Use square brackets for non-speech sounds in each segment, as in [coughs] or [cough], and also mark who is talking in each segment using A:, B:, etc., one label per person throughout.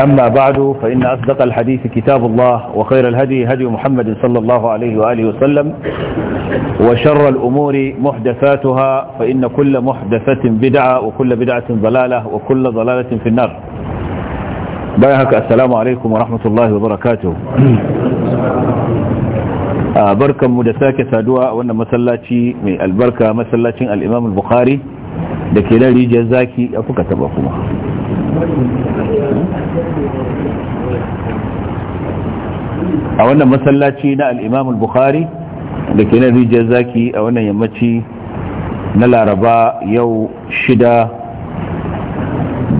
A: أما بعد فإن أصدق الحديث كتاب الله وخير الهدي هدي محمد صلى الله عليه وآله وسلم وشر الأمور محدثاتها فإن كل محدثة بدعة وكل بدعة ضلالة وكل ضلالة في النار بايهك السلام عليكم ورحمة الله وبركاته آه، بركة مدساكة سادوة وأن مسلاتي من البركة مسلاتي الإمام البخاري دكيلالي جزاكي زاكي أفكتب أفكتب a wannan masallaci na al'imam bukhari da ke nan rijiyar zaki a wannan yammaci na laraba yau shida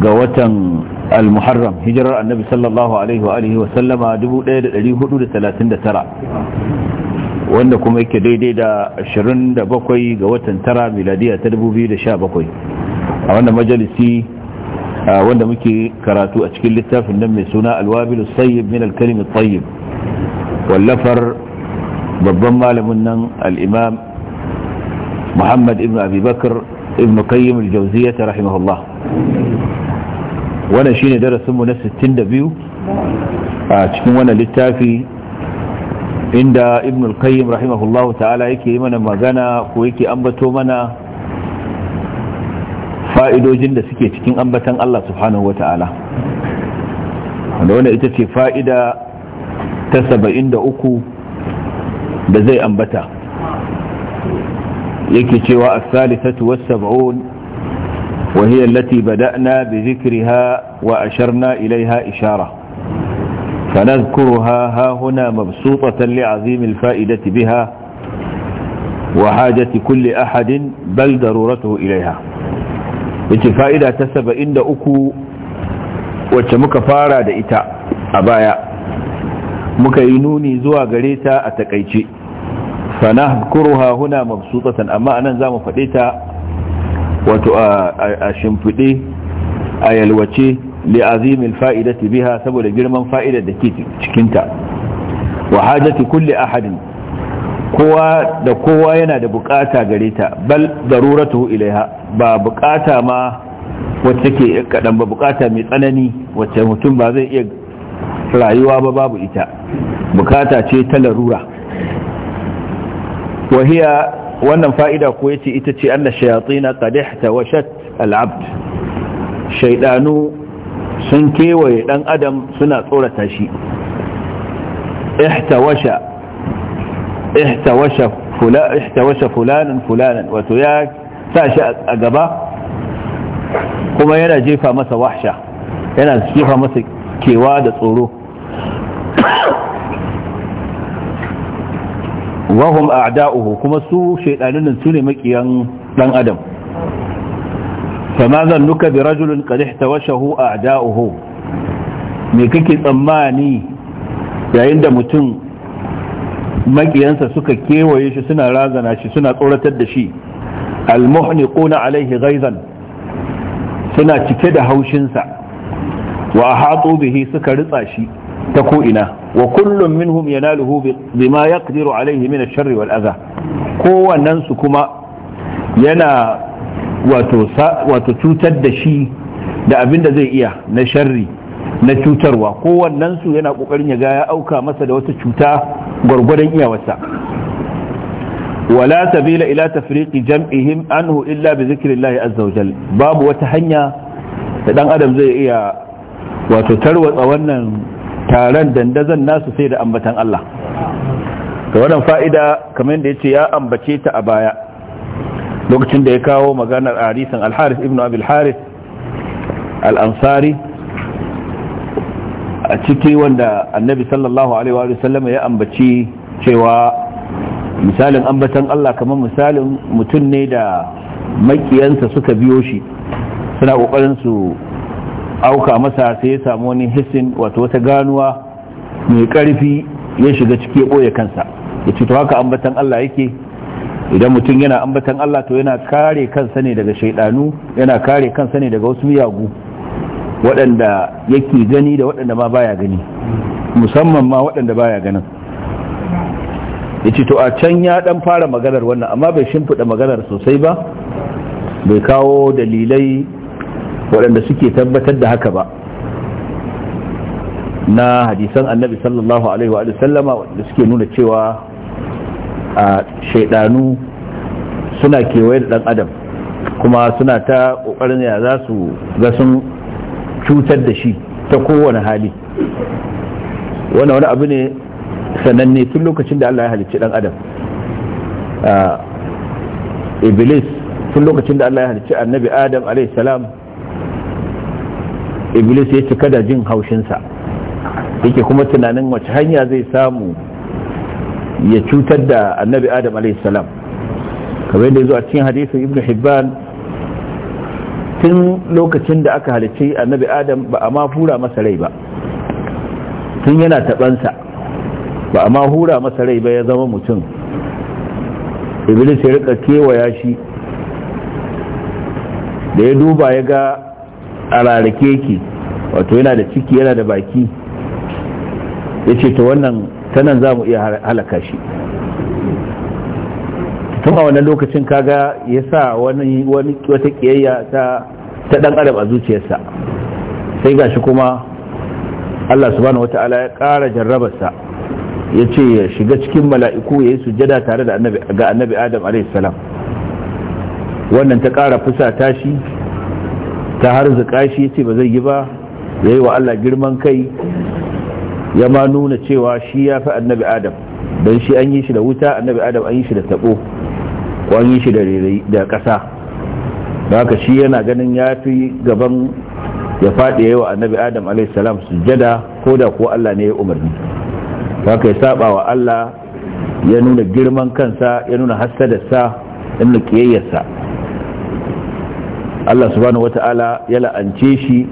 A: ga watan al-muharram hijirar annabi sallallahu alaihi wa alihi wasallama 1439 wanda kuma yake daidai da 27 ga watan tara miladiya ta 2017 a wannan majalisi wanda muke karatu a cikin littafin nan mai suna alwabilu sayyib min alkalimin tayyib wallafar babban malamin nan al'imam muhammad ibn abubakar ibn qayyim al-jawziyya ta rahimahullah wannan shine darasinmu na 62 a cikin wannan littafi inda ibn al-qayyim rahimahullah ta'ala yake yi mana magana ko yake ambato mana fa’idojin da suke cikin ambatan Allah subhanahu wa ta’ala wanda ita ce fa’ida ta saba’in da uku da zai ambata yake cewa a salisatu wasu saba’un wahiyar lati bada’na bi zikiri ha wa ashar na ilaiha ishara sanar kuro ha ha huna mabsutsatan li’azimin fa’idati biha wa kulle ahadin bal da ruratu ilaiha yace fa'ida ta saba'in da uku wacce muka fara da ita a baya muka yi nuni zuwa gare ta a takaice fanahkuruha huna mabsutatan amma anan zamu faɗe ta wato a shimfiɗe a yalwace li'azimil fa'idati biha saboda girman fa'idar da ke cikinta wa hajati kulli ahadin kowa da kowa yana da bukata gare ta bal daruratu ilaiha ba bukata ma wacce ke kadan ba bukata mai tsanani wacce mutum ba zai iya rayuwa ba babu ita bukata ce ta larura wahiya wannan fa'ida ko yace ita ce anna shayatin qad ihtawashat al-abd shaydanu sun kewaye dan adam suna tsorata shi ihtawasha ihtawasha fulanin fulanin wato ya sa shi a kuma yana jefa masa wahsha yana jefa masa kewa da tsoro wahum a'da'uhu kuma su shaidanin su ne makiyan dan adam fama zannuka bi rajulin qad ihtawashahu a'da'uhu me kake tsammani yayin da mutum makiyansa suka kewaye shi suna razana shi suna tsoratar da shi almuhniquna alaihi ghaizan suna cike da haushinsa wa ahatu bihi suka ritsa shi ta ko'ina. wa kullum minhum yanaluhu bima yaqdiru alaihi min sharri wal aza. kowannen su kuma yana wato cutar da shi da abin da zai iya na sharri na cutarwa kowannen su yana ƙoƙarin ya ga ya auka masa da wata cuta gwargwadon iyawarsa wala sabila ila tafriqi jam'ihim anhu illa bi zikrillahi azza wajal babu wata hanya da dan adam zai iya wato tarwatsa wannan taron dandazon nasu sai da ambatan Allah ga wannan fa'ida kamar da yace ya ambace ta a baya lokacin da ya kawo maganar arisan al-Harith ibn Abi harith al-Ansari a ciki wanda annabi sallallahu alaihi wa ya ambaci cewa misalin ambatan Allah kamar misalin mutum ne da makiyansa suka biyo shi suna kokarin su auka masa sai ya samu wani hissin wato wata ganuwa mai karfi ya shiga ciki ya boye kansa ya ce to haka ambatan Allah yake idan mutum yana ambatan Allah to yana kare kansa ne daga shaidanu yana kare kansa ne daga wasu miyagu waɗanda yake gani da waɗanda ma baya gani musamman ma waɗanda baya ganin yace to a can ya ɗan fara maganar wannan amma bai shimfiɗa maganar sosai ba bai kawo dalilai waɗanda suke tabbatar da haka ba na hadisan annabi sallallahu alaihi wa sallama wanda suke nuna cewa a shaidanu suna kewaye da ɗan adam kuma suna ta kokarin ya za su ga sun cutar da shi ta kowane hali wannan wani abu ne sananne tun lokacin da Allah ya halicci dan adam iblis tun lokacin da Allah ya halicci annabi adam salam iblis ya cika da jin haushinsa yake kuma tunanin wace hanya zai samu ya cutar da annabi adam salam kamar yadda ya zo a cikin hadisun ibn hibban tun lokacin da aka halicci annabi adam ba a mafura masa rai ba tun yana taɓansa ba a mafura masa rai ba ya zama mutum iblis ya rika kewaya shi da ya duba ya ga a rarrake yake wato yana da ciki yana da baki ya ce ta wannan tanan za mu iya halaka shi tun a wannan lokacin kaga ya sa wani wata kiyayya ta ɗan dan adam a zuciyarsa sai gashi kuma Allah subhanahu wata'ala ya kara jarrabarsa ya ce ya shiga cikin mala'iku ya yi sujada tare da ga annabi adam salam wannan ta kara fusata shi ta har zuƙa shi ya ce ba zai yi ba ya yi wa Allah girman kai ya ma nuna cewa shi ya fi annabi adam don shi an yi shi da wuta annabi adam an yi shi da taɓo ko an yi shi da ƙasa da haka shi yana ganin ya fi gaban ya faɗi yawa annabi adam su jada ko da ko allah ne ya umarni haka ya saba wa allah ya nuna girman kansa ya nuna hassadarsa ya nuna ƙiyayyarsa allah subhanahu wata'ala ya la'ance shi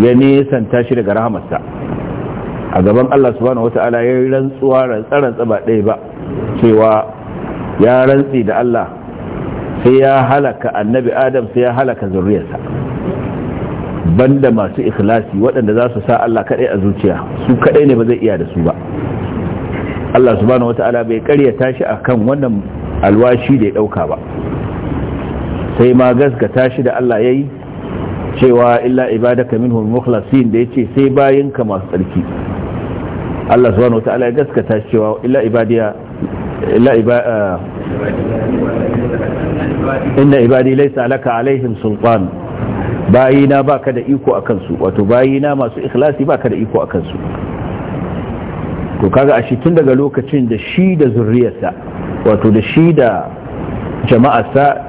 A: ya nesanta shi daga rahamarsa a gaban allah subhanahu wata'ala ya yi rantsuwa rantsarantsa ba ɗaya ba cewa ya rantsi da Allah sai ya halaka annabi adam sai ya halaka zuriyarsa banda masu ikhlasi waɗanda za su sa Allah kaɗai a zuciya su kaɗai ne ba zai iya da su ba Allah subhanahu wata'ala bai tashi a akan wannan alwashi da ya ɗauka ba sai ma gaskata shi da Allah yayi cewa illa ibadaka minhum mukhlasin da yace sai bayinka masu tsarki Allah subhanahu wata'ala ya gaskata cewa illa ibadiya inna ibadi laisa laka alaihim sultan bayina baka da iko akan wato bayina masu ikhlasi baka da iko akan su to kaga a tun daga lokacin da shi da zurriyarsa wato da shi da jama'arsa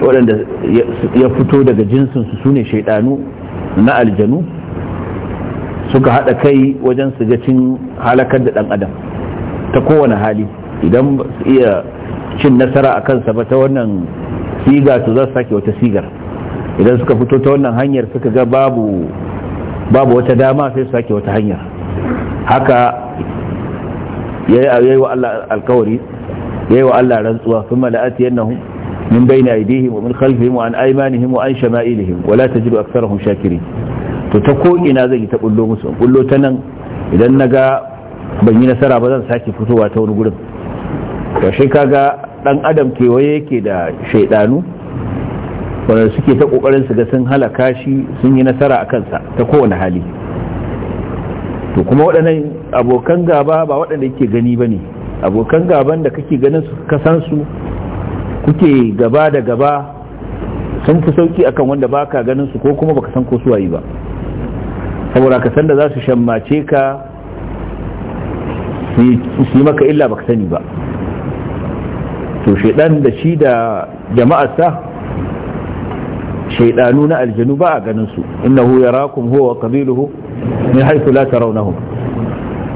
A: waɗanda ya fito daga jinsinsu su ne shaidanu na aljanu suka haɗa kai wajen su halakar da ɗan adam ta kowane hali idan ba su iya cin nasara a kansa ba ta wannan siga su za su sake wata sigar idan suka fito ta wannan hanyar suka ga babu babu wata dama sai su sake wata hanyar haka yayi wa Allah alkawari yayi wa Allah rantsuwa kuma la'ati yannahu min bayna aydihim wa min khalfihim wa an aymanihim wa an shama'ilihim wa la tajidu aktharahum shakirin to ta ko ina zai ta bullo musu bullo ta nan idan naga ban yi nasara ba zan sake fitowa ta wani gurin to shi kaga dan adam kewaye yake da shaidanu wanda suke ta kokarin su ga sun halaka shi sun yi nasara a kansa ta kowane hali to kuma waɗannan abokan gaba ba waɗanda yake gani ba ne abokan gaban da kake ganin su kasan su kuke gaba da gaba sun fi sauki akan wanda baka ganin su ko kuma baka san ko suwayi ba saboda ka san da za su shammace ka su yi maka illa baka sani ba to shaidan da shi da jama'arsa shaidanu na aljanu ba a ganin su innahu yarakum huwa qabiluhu min haythu la tarawnahum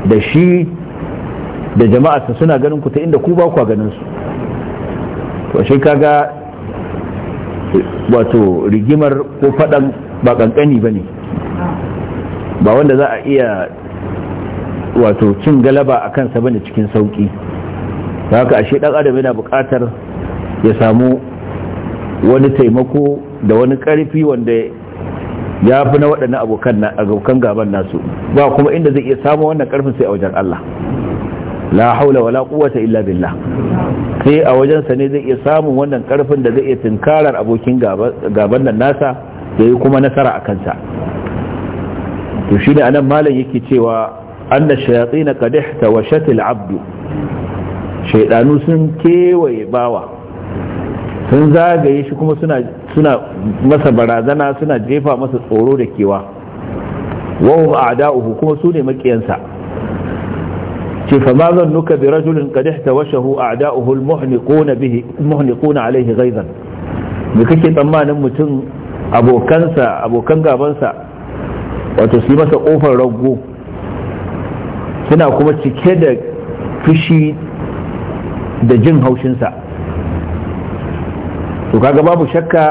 A: da shi da jama'arsa suna ganin ku ta inda ku ba ku ganin su to shi kaga wato rigimar ko fadan ba kankani bane ba wanda za a iya wato cin galaba a kansa bane cikin sauki ta haka ashe dan adam yana buƙatar ya samu wani taimako da wani ƙarfi wanda ya fi na waɗannan abokan abokan gaban nasu ba kuma inda zai iya samu wannan ƙarfin sai a wajen Allah la haula wala quwwata illa billah sai a wajen sa ne zai iya samun wannan ƙarfin da zai iya tinkarar abokin gaban nan nasa da yi kuma nasara a kansa to shine anan malam yake cewa anna shayatin qad wa shatil abdu. shaidanu sun kewaye bawa sun zagaye shi kuma suna masa barazana suna jefa masa tsoro da kewa wahum a'da'uhu kuma su ne makiyansa ce fa ma nuka bi rajulin qad ihtawashahu a'da'uhu al-muhniquna bihi muhniquna alayhi ghaizan me kake tsammanin mutum abokansa abokan gabansa wato su masa kofar rago suna kuma cike da fushi da jin haushinsa to kaga babu shakka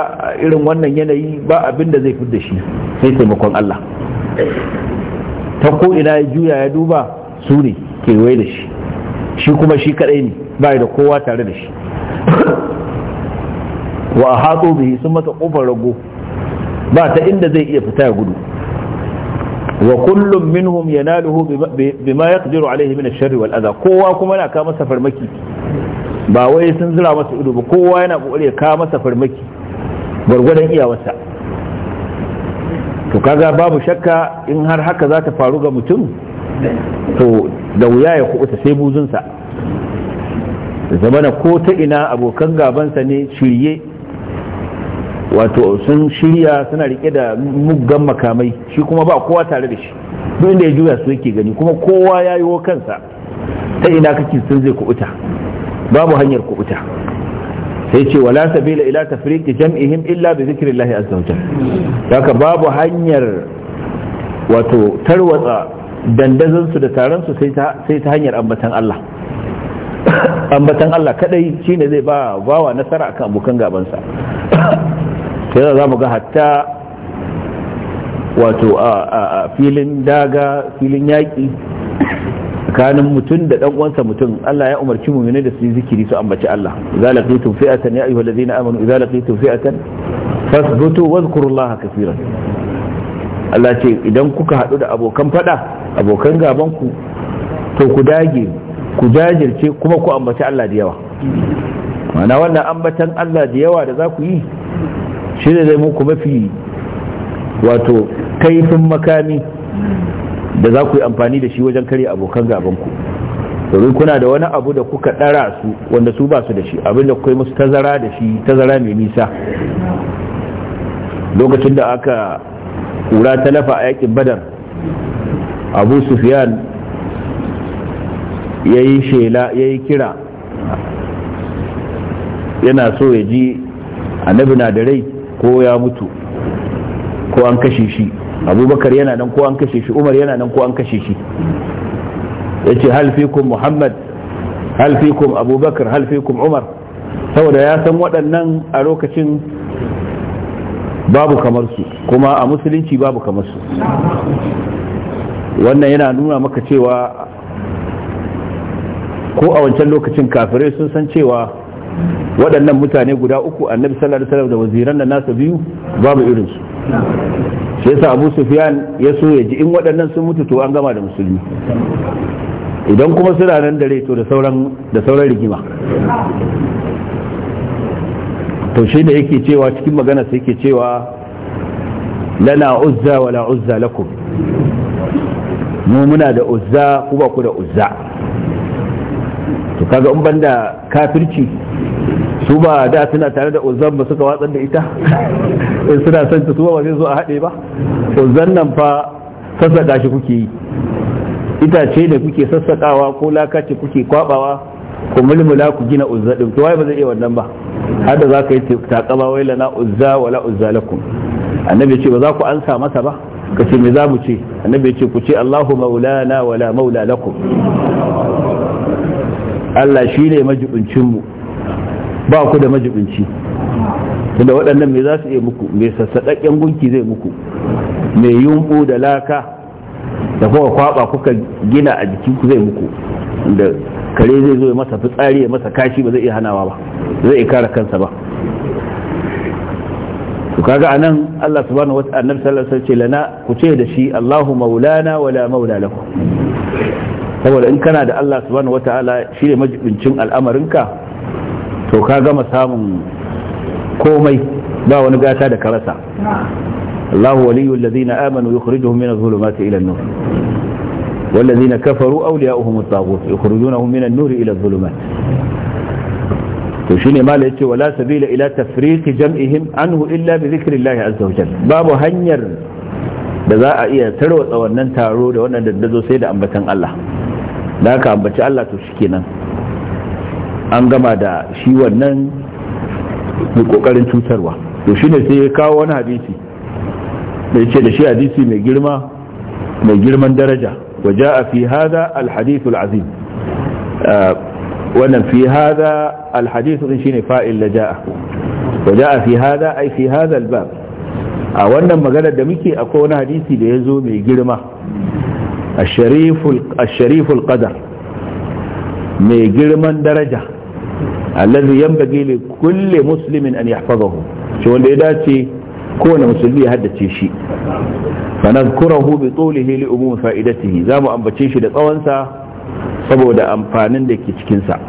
A: irin wannan yanayi ba abin da zai fidda shi sai taimakon Allah ta ko ina ya juya ya duba su ne wai da shi shi kuma shi kadai ne ba da kowa tare da shi wa a bihi sun masa kofar rago ba ta inda zai iya fita ya gudu wa kullum minhum yanaluhu bima yaqdiru alaihi min ash-sharri wal aza kowa kuma na kama masa ba wai sun zira masa ido ba kowa yana ya ka masa farmaki gwargwadon iyawarsa to kaga babu shakka in har haka za ta faru ga mutum to da wuya ya kubuta sai buzunsa zamana ko ta ina abokan gabansa ne shirye wato sun shirya suna rike da muggan makamai shi kuma ba kowa tare da shi duk inda ya juya su yake gani kuma kowa ya yi kansa ta ina kake sun zai kubuta babu hanyar kubuta sai ce wala sabila ila tafriq jam'ihim illa bi zikrillahi azza wajal haka babu hanyar wato tarwatsa dandazan su da taron su sai ta hanyar ambatan Allah [coughs] ambatan Allah kadai shine zai ba bawa nasara akan abokan gabansa [coughs] sai za mu ga hatta wato a filin daga filin yaƙi tsakanin mutum da ɗan uwansa mutum Allah ya umarci mu mu'mini da su yi zikiri su ambaci Allah idza laqitum fi'atan ya ayyuhallazina amanu idza laqitum fi'atan fasbutu wadhkurullaha kaseeran Allah ce idan kuka hadu da abokan fada abokan gaban ku to ku dage ku jajirce kuma ku ambaci Allah da yawa ma'ana wannan ambatan Allah da yawa da za ku yi shi ne zai muku mafi wato kaifin makami da za ku yi amfani da shi wajen kare abokan gabanku domin kuna da wani abu da kuka ɗara su wanda su ba su da shi abinda kuka kai musu tazara da shi tazara mai nisa lokacin da aka kura talafa a yakin badar abu sufyan ya yi shela ya yi kira yana so ya ji annabi na da rai ko ya mutu ko an kashe shi abubakar yana nan ko an kashe shi umar yana nan ko an kashe shi ya ce halfikun muhammad halfikun abubakar halfikun umar saboda ya san waɗannan a lokacin babu kamarsu kuma a musulunci babu kamarsu. wannan yana nuna maka cewa ko a wancan lokacin kafirai sun san cewa waɗannan mutane guda uku annabi sallallahu alaihi wasallam da waziran da nasa biyu babu irin su shi yasa Abu Sufyan ya so ya ji in waɗannan sun mutu to an gama da musulmi idan kuma suna nan dare to da sauran da sauran rigima to shi da yake cewa cikin magana sai yake cewa lana uzza wala uzza lakum mu muna da uzza ku ba ku da uzza to kaga in banda kafirci su ba da suna tare da uzan ba suka watsar da ita in suna son ta su ba zai zo a haɗe ba uzan nan fa sassaƙa shi kuke yi itace da kuke sassaƙawa ko lakaci kuke kwabawa ko mulmula ku gina uzza ɗin to ba zai iya wannan ba har da ka yi takama wai lana uzza wala uzza lakum annabi ce ba za ku ansa masa ba ka ce me za mu ce annabi ce ku ce Allahu maulana wala maula lakum Allah ne majibincin mu ba ku da majibinci tunda waɗannan me za su iya muku mai sassaɗaƙen gunki zai muku mai yumɓu da laka da kuma kwaba kuka gina a jikinku zai muku da kare zai zo masa fitsari ya masa kashi ba zai iya hanawa ba zai iya kare kansa ba to kaga anan Allah subhanahu wata annabi sallallahu alaihi wasallam ce lana ku ce da shi Allahu maulana wala maula lakum saboda in kana da Allah subhanahu wataala shi ne majibincin al'amarinka to ka gama samun komai ba wani gata da karasa Allah waliyu allazina amanu yukhrijuhum min adh-dhulumati ila an-nur wallazina kafaru awliya'uhum at-taghut yukhrijunahum min an-nuri ila adh to shine mala yace wala sabila ila tafriqi jam'ihim anhu illa bi dhikrillah azza wa babu hanyar da za a iya tarwatsa wannan taro da wannan da zo sai da ambaton Allah da haka ambaci Allah to shikenan an gama da shi wannan mai kokarin cutarwa to shine sai ya kawo wani hadisi da ya ce da shi hadisi mai girma mai girman daraja waje a fi hada al azim wannan fi hada alhadithu din shine fa'il da ja'a waje a fi hada ai fi al-bab a wannan magana da muke akwai wani hadisi da ya zo mai girma الشريف القدر mai girman daraja allazi yanbaghi li kulli muslimin an yahfazahu shi wanda ya dace kowane musulmi ya haddace shi fa nadhkurahu bi tulihi li umumi fa'idatihi zamu ambace shi da tsawonsa saboda amfanin da ke cikin sa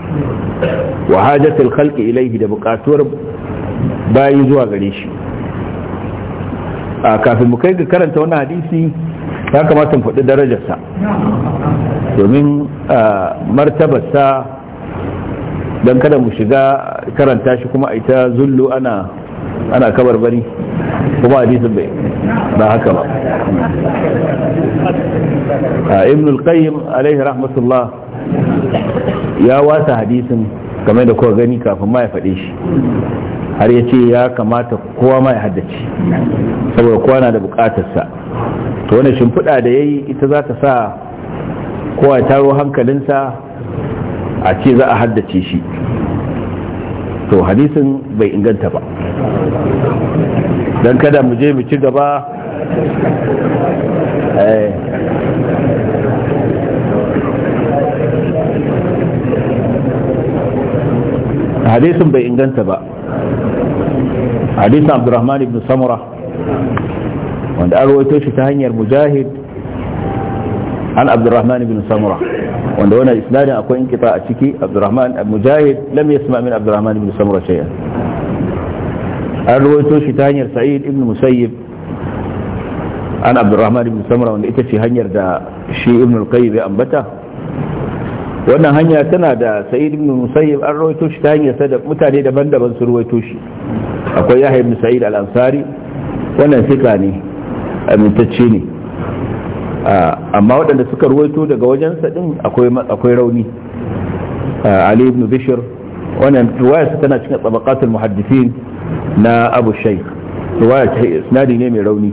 A: wa hajatul khalqi ilayhi da buƙatuwar bayi zuwa gare shi a kafin mu kai ga karanta wannan hadisi ya kamata mu faɗi darajarsa domin martabarsa don kada mu shiga karanta shi kuma a ita zullu ana ana kabar kuma hadisin bai ba haka ba A ibn al-qayyim alaihi rahmatullah ya wasa hadisin game da kowa gani kafin ma ya faɗe shi har ya ce ya kamata kowa ma ya haddace saboda kowa na da bukatarsa to wani shimfiɗa da ya yi ita za ta sa kowa ya taro hankalinsa a ce za a haddace shi to hadisin bai inganta ba don kada mu je mu ci gaba eh. hadisin bai inganta ba hadisin abdurrahman ibn samura wanda an rawaito shi ta hanyar mujahid an abdurrahman ibn samura wanda wannan isnadin akwai inkita a ciki abdurrahman mujahid lam yasma min abdurrahman ibn samura shay'an an ruwaito shi ta hanyar sa'id ibn musayyib an abdurrahman ibn samura wanda ita ce hanyar da shi ibn al-qayyim ya ambata wannan hanya tana da sa'id ibn musayyib an ruwaito shi ta hanyar sa da mutane daban-daban su ruwaito shi akwai yahya ibn sa'id al-ansari wannan sika ne amintacce ne amma waɗanda suka ruwaito daga wajensa din akwai rauni ali ibn bishir wannan ruwayarsa tana cikin tsabakatul muhaddisin na abu shaikh ruwaya sinadi ne mai rauni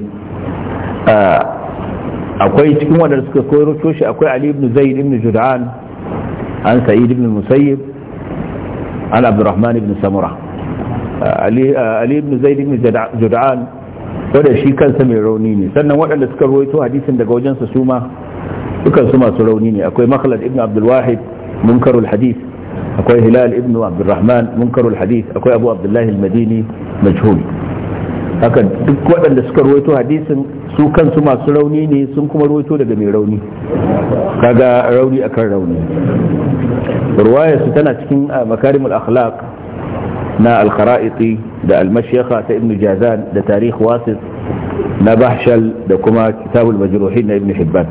A: akwai cikin waɗanda suka koyo shi akwai ali ibn zaid ibn judan an sa'id ibn musayyib an abdurrahman ibn samura ali ibn zaid ibn judan wanda shi kansa mai rauni ne sannan waɗanda suka rawaito hadisin daga wajensa su ma dukan su masu rauni ne akwai makhlad ibn abdul wahid munkarul hadith akwai hilal ibn abdul rahman munkarul hadith akwai abu abdullahi al-madini majhul haka duk waɗanda suka rawaito hadisin su kansu masu rauni ne sun kuma rawaito daga mai rauni kaga rauni akan rauni su tana cikin ah, makarimul akhlaq نا الخرائطي دا المشيخة دا ابن جازان دا تاريخ واسط نا بحشل دا كما كتاب المجروحين ابن حبان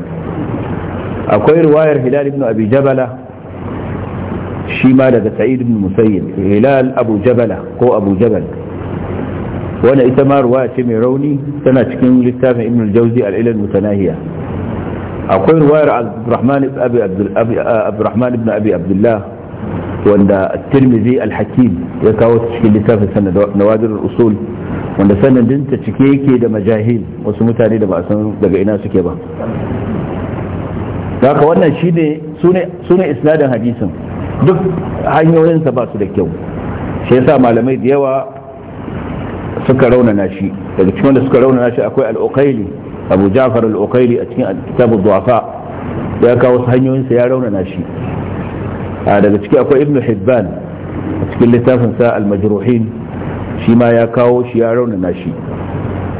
A: أكوي رواية هلال ابن أبي جبلة شي ما لدى سعيد ابن مسيد هلال أبو جبلة قو أبو جبل وانا اتما رواية شميروني سنة شكين للتابع ابن الجوزي العلا المتناهية أقول رواية عبد الرحمن ابن أبي عبد الله wanda tirmizi al-hakim ya kawo cikin littafin sana nawadir usul wanda sanadin ta cike yake da majahil wasu mutane da ba san daga ina suke ba haka wannan shine sune isnadin hadisin duk hanyoyinsa ba su da kyau shi yasa malamai da yawa suka raunana shi daga cikin da suka raunana shi akwai al-uqayli abu ja'far al-uqayli a cikin kitabu du'afa ya kawo wasu hanyoyinsa ya raunana shi A daga ciki akwai ibn hibban a cikin littafin sa al-majruhin shi ma ya kawo shi ya raunana shi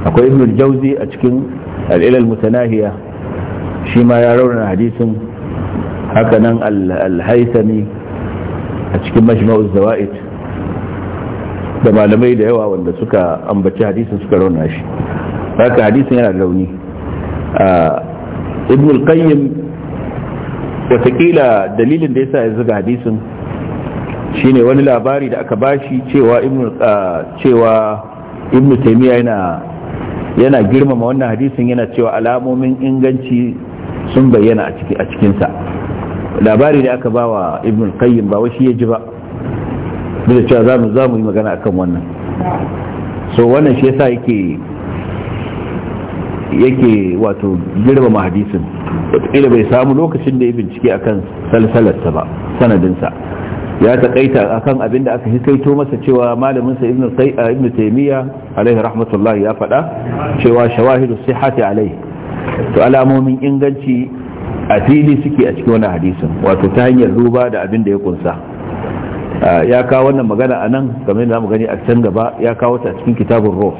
A: akwai ibn jauzi a cikin al-ilal mutanahiya shi ma ya raunana hadisin haka nan al-haythami a cikin majma'uz zawaid da malamai da yawa wanda suka ambaci hadisin suka raunana shi haka hadisin yana da rauni ibn al-qayyim watakila dalilin da yasa ya zuga hadisin shine wani labari da aka bashi cewa ibnu cewa ibnu yana girmama wannan hadisin yana cewa alamomin inganci sun bayyana a cikinsa. labari da aka ba wa ibnu qayyim ba wasu yaji ba duk cewa za mu yi magana akan wannan so wannan shi yasa yake yake wato girmama hadisin wataƙila bai samu lokacin da ya bincike akan salsalarsa ba sanadinsa ya taƙaita akan abin da aka hiskaito masa cewa malaminsa ibn taimiyya alaihi rahmatullah ya faɗa cewa shawahidu sihhati Alai. to alamomin inganci a fili suke a cikin wani hadisin wato ta hanyar duba da abin da ya kunsa ya kawo wannan magana a nan game da magani gani a can gaba ya kawo ta a cikin kitabun roh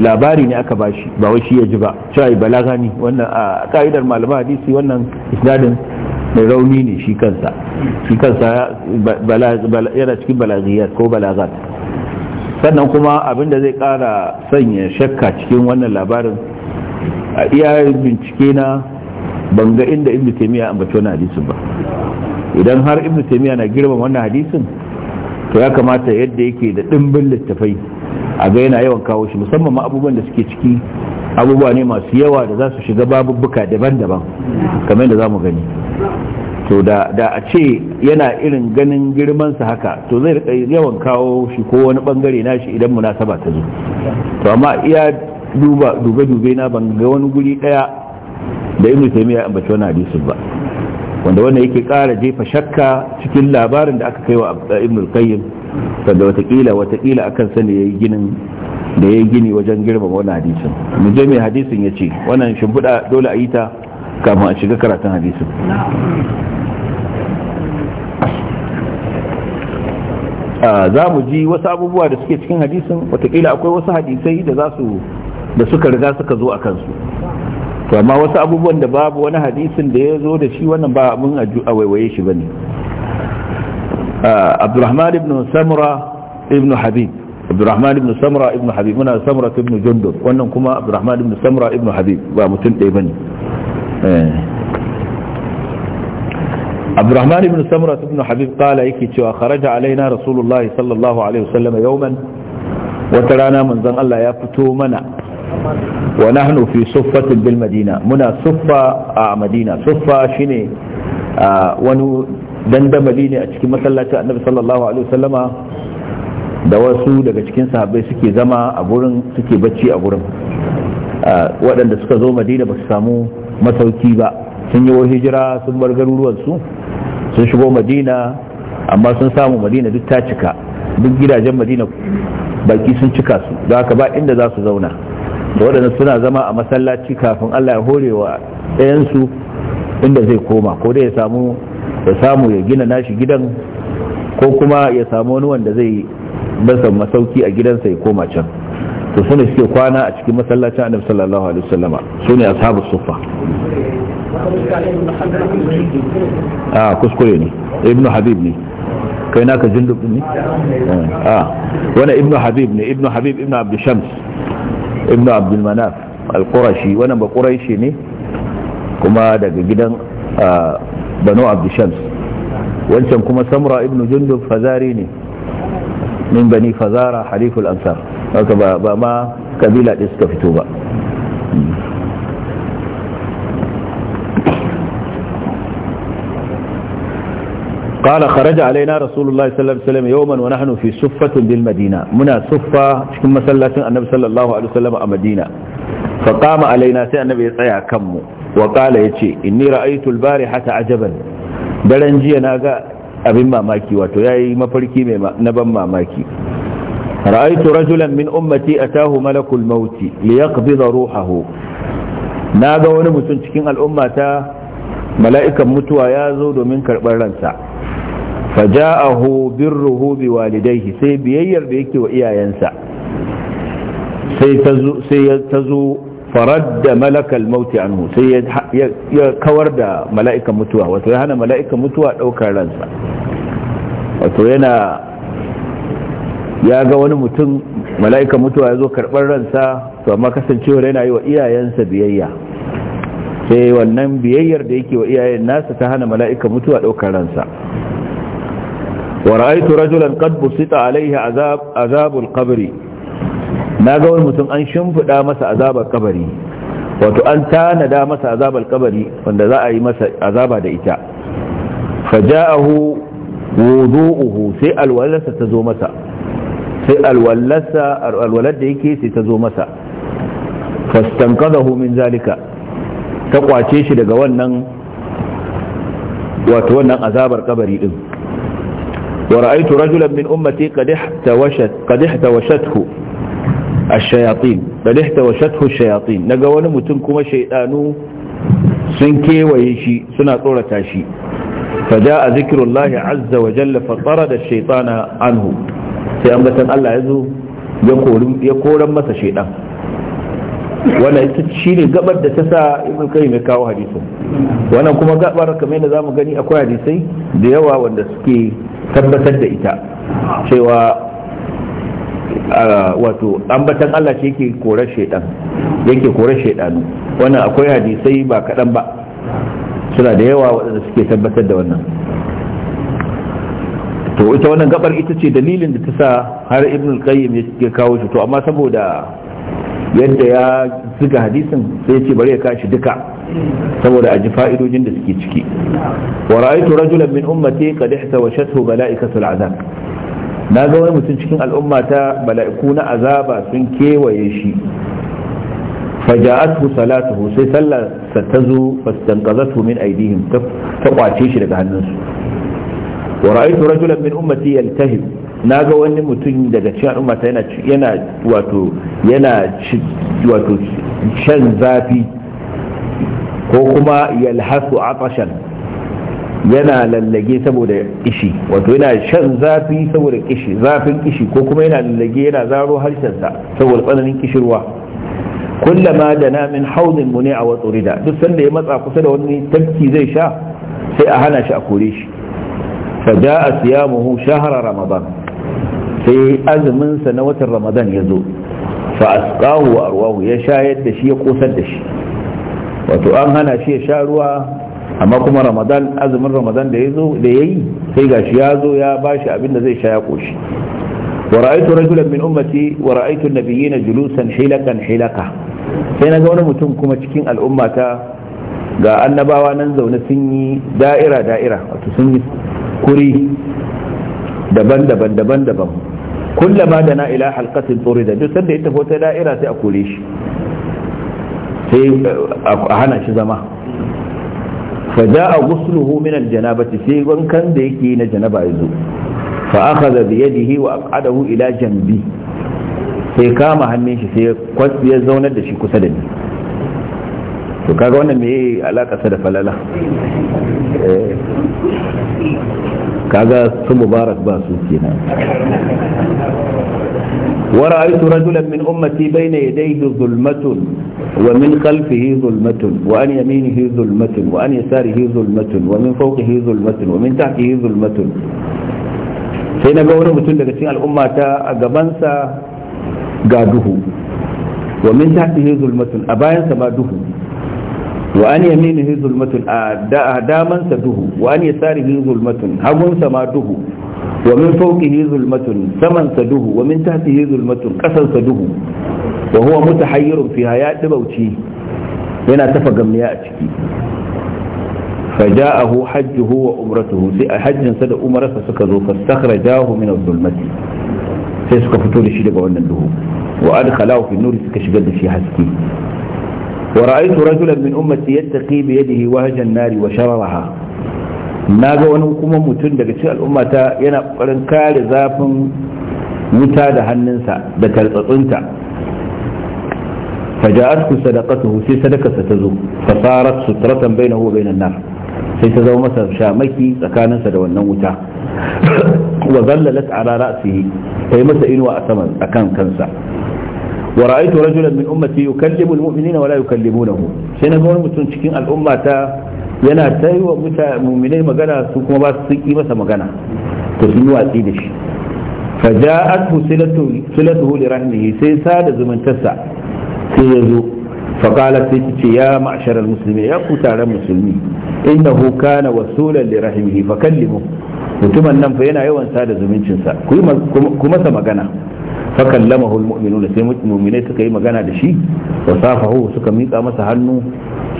A: labari ne aka bashi ba wai shi ya ji ba cewa balaga ne wannan a ka'idar malama hadisi wannan isnadin mai rauni ne shi kansa shi kansa yana cikin balagiyar ko balagat sannan kuma abin da zai kara sanya shakka cikin wannan labarin a iya bincike na banga inda ibn taymiya ambaci wannan hadisin ba idan har ibnu taymiya na girma wannan hadisin to ya kamata yadda yake da dimbin littafai a ga yana yawan kawo shi musamman ma abubuwan da suke ciki abubuwa ne masu yawa da za su shiga babubbuka daban-daban kamar yadda za mu gani to da a ce yana irin ganin girmansa haka to zai rika yawan kawo shi ko wani bangare na shi idan munasaba ta zo to amma iya duba dube-dube na ban ga wani guri daya da ibnu taymiya an bace wani hadisi ba wanda wanda yake kara jefa shakka cikin labarin da aka kai wa ibnu qayyim saboda watakila watakila akan sani yayi ginin da yayi gini wajen girmama wannan hadisin mu je mai hadisin yace wannan shimfiɗa dole a yi ta kafin a shiga karatun hadisin za mu ji wasu abubuwa da suke cikin hadisin watakila akwai wasu hadisai da za su da suka riga suka zo a kansu to amma wasu abubuwan da babu wani hadisin da ya zo da shi wannan ba mun a waiwaye shi bane abdurrahman ibn samura ibn habib ibn samura ibn habib muna samura ibn jundub kuma ibn samura ibn habib ba mutum ɗaya bane abdurrahman ibn samura ibn habib kala yake cewa kharaja alaina rasulullahi sallallahu alaihi wasallam yawman wata rana manzon Allah ya fito mana wa nahnu madina muna suffa a madina suffa shine wani dandamali ne a cikin masallacin annabi sallallahu alaihi wasallama da wasu daga cikin sahabbai suke zama a gurin suke bacci a gurin waɗanda suka zo madina ba su samu masauki ba sun yi hijira sun bar su sun shigo madina amma sun samu madina duk ta cika duk gidajen madina baki sun cika su da haka ba inda za su zauna da waɗanda suna zama a masallaci kafin allah ya hore wa ɗayansu inda zai koma ko dai ya samu ya samu ya gina nashi gidan ko kuma ya samu wani wanda zai masa masauki a gidansa ya koma can to su ne suke kwana a cikin masallacin annabi sallallahu alaihi wasallama su ne ashabu suffa a ah, kuskure ne ibnu habib ne kai naka jindub ne a ah, wani ibnu habib ne ibnu habib ibnu abd shams ibnu abd manaf al-qurashi wani ba quraishi ne kuma daga gidan ah, banu wancan kuma samra ibn jundub fazari ne min bani fazara haliful ansar haka ba ma kabila ɗin suka fito ba قال خرج علينا رسول الله صلى الله عليه وسلم يوما ونحن في صفة بالمدينة منا صفة كما سلت النبي صلى الله عليه وسلم المدينة fa qama alaina sai annabi ya tsaya kan mu wa qala yace inni ra'aytu al-barihata ajaban daren jiya naga abin mamaki wato yayi mafarki mai na ban mamaki Ra'aitu, rajulan min ummati atahu malakul maut liyaqbida ruhahu ga wani mutum cikin al'ummata mala'ikan mutuwa ya zo domin karɓar ransa faja'ahu birruhu bi walidaihi sai biyayyar da yake wa iyayensa sai ta zo faradda malakal mauti anhu sai ya kawar da mala'ikan mutuwa wato ya hana mala'ikan mutuwa ransa wato yana ya ga wani mutum mala'ika mutuwa ya zo karɓar ransa to amma kasancewar yana yi wa iyayensa biyayya sai wannan biyayyar da yake wa iyayen nasa ta hana mala'ika mutuwa ɗaukar ransa wa ra'aitu rajulan qad busita alaihi azab azabul qabri na ga wani mutum an shimfiɗa masa azabar kabari wato an tanada masa azabar kabari wanda za a yi masa azaba da ita faja'ahu wudu'uhu sai alwalarsa ta zo masa sai alwalarsa alwalar da yake sai ta zo masa fastankadahu min zalika ta kwace shi daga wannan wato wannan azabar kabari din ورأيت رجلا من أمتي قد احتوشت قد احتوشته A shayatin bal ihtawashathu ash-shayatin ga wani mutum kuma shaydanu sun kewaye shi suna tsorata shi faja'a zikrullahi azza wa jalla fa tarada ash-shaytana anhu sai ambatan Allah yazo ya korin masa shaydan wannan ita shine gabar da ta sa ibn kayyim ya kawo hadisin wannan kuma gabar kamar yadda zamu gani akwai hadisai da yawa wanda suke tabbatar da ita cewa wato ambatan Allah shi yake korar shaidan yake korar shaidanu wannan akwai hadisai ba kaɗan ba suna da yawa waɗanda suke tabbatar da wannan to ita wannan gabar ita ce dalilin da ta sa har ibn al-qayyim ya kawo shi to amma saboda yadda ya ziga hadisin sai ce bari ya kashi duka saboda a ji fa'idojin da suke ciki wa ra'aytu rajulan min ummati qad ihtawashathu mala'ikatu azab na ga wani mutum cikin al'umma ta bala'iku na azaba sun kewaye shi Faja'atu salatuhu sai sallarsa ta zo fastanqazatu min aidihim ta kwace shi daga hannunsu wa ra'aytu rajulan min ummati yaltahib na ga wani mutum daga cikin al'umma ta yana yana wato yana wato shan zafi ko kuma yalhasu atashan yana lallage saboda kishi wato yana shan zafi saboda kishi zafin kishi ko kuma yana lallage yana zaro harshensa saboda tsananin kishirwa kullama da na min haudin muni a da. duk sanda ya matsa kusa da wani tafki zai sha sai a hana shi a kore shi fa a siyamuhu shahra ramadan sai azumin sa na watan ramadan ya zo fa asqahu wa arwahu ya shayar da shi ya kosar da shi wato an hana shi ya sha ruwa amma kuma ramadan azumin ramadan da ya zo da ya yi sai gashi ya zo ya bashi abin da zai sha ya koshi wa ra'aytu rajulan min ummati wa ra'aytu nabiyina julusan hilakan hilaka sai na ga wani mutum kuma cikin al'ummata ga annabawa nan zaune sun yi da'ira da'ira wato sun yi kuri daban-daban daban-daban kullama da na ila halqatin turida duk sanda ya tafi wata da'ira sai a kore shi sai a hana shi zama fa jaa ghusluhu jana aljanabati sai wankan da yake na janaba yazo fa akhadha bi yadihi wa aqadahu ila janbi sai kama hannun shi sai kwatsi ya zaunar da shi kusa da ni to kaga wannan me alaka sa da falala kaga su mubarak ba su kenan ورأيت رجلا من أمتي بين يديه ظلمة ومن خلفه ظلمة وعن يمينه ظلمة وعن يساره ظلمة ومن فوقه ظلمة ومن تحته ظلمة sai na ga wani mutum daga cikin al'umma a gabansa ga duhu wa min tahtihi zulmatun a bayansa ma duhu wa an a damansa duhu wa an ma duhu wa min fawqihi zulmatun saman sa duhu wa min tahtihi zulmatun kasan sa duhu wa huwa mutahayyirun fiha ya dibauci yana tafa gamniya a ciki فجاءه حجه وأمرته حج سد أمرته سكذو فاستخرجاه من الظلمة سيسك فتول شيء لقوا له وأدخلاه في النور سكشقد في حسكي ورأيت رجلا من أمتي يتقي بيده وهج النار وشررها na ga wani kuma mutum daga cikin al'ummata yana ƙoƙarin kare zafin wuta da hannunsa da tartsatsunta faja'atku sadaqatuhu sai sadakarsa ta zo fasarat sutratan bainahu wa bainan nar sai ta zama masa shamaki tsakaninsa da wannan wuta wa zallalat ala ra'sihi sai masa inuwa a saman akan kansa wa ra'aytu rajulan min ummati yukallimu al-mu'minina wa la yukallimunahu sai na ga wani mutum cikin al'ummata yana ta yi wa muminai magana su kuma ba su ƙi masa magana to sun yi watsi da shi faja'at silatuhu li rahmihi sai sa sada zumuntarsa sai ya zo faqala sai ta ce ya ma'shar musulmi ya ku taron musulmi innahu kana wasulan li rahmihi fakallimu mutumin nan fa yana yawan sa da sada sa ku masa magana fa fakallamahu almu'minuna sai mu'minai suka yi magana da shi wa safahu suka miƙa masa hannu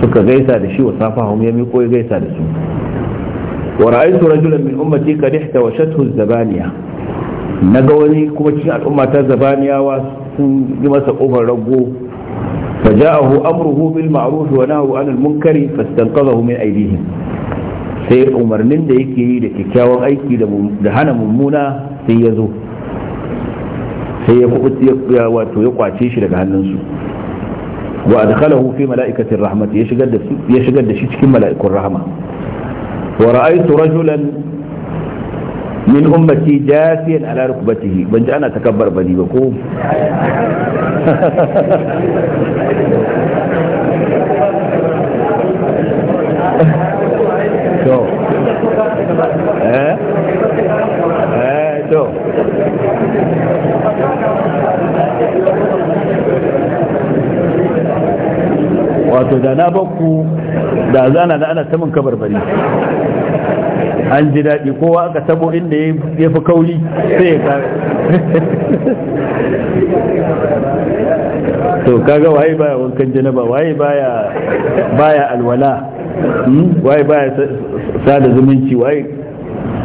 A: suka gaisa da shi wa safahum ya miƙo ya gaisa da su wa ra'aytu rajulan min ummati qad ihtawashathu zabaniya naga wani kuma cikin al'umma ta zabaniyawa sun yi masa kofar rago فجاءه أمره بالمعروف ونهى عن المنكر فاستنقذه من أيديهم sai umarnin da yake yi da kyakkyawan aiki da hana mummuna sai ya zo sai ya wato ya kwace shi daga hannunsu وأدخله في ملائكة الرحمة يشقد شيء كم ملائكة الرحمة ورأيت رجلا من أمتي جاثيا على ركبته بنت أنا تكبر بني بقوم [laughs] شو to da na bakku da zana da ana samun kabarbari an ji daɗi kowa aka tabo inda ya fi kauri sai ya kare [laughs] to kaga waye baya wankan janaba waye baya baya alwala hmm? waye baya sada zumunci waye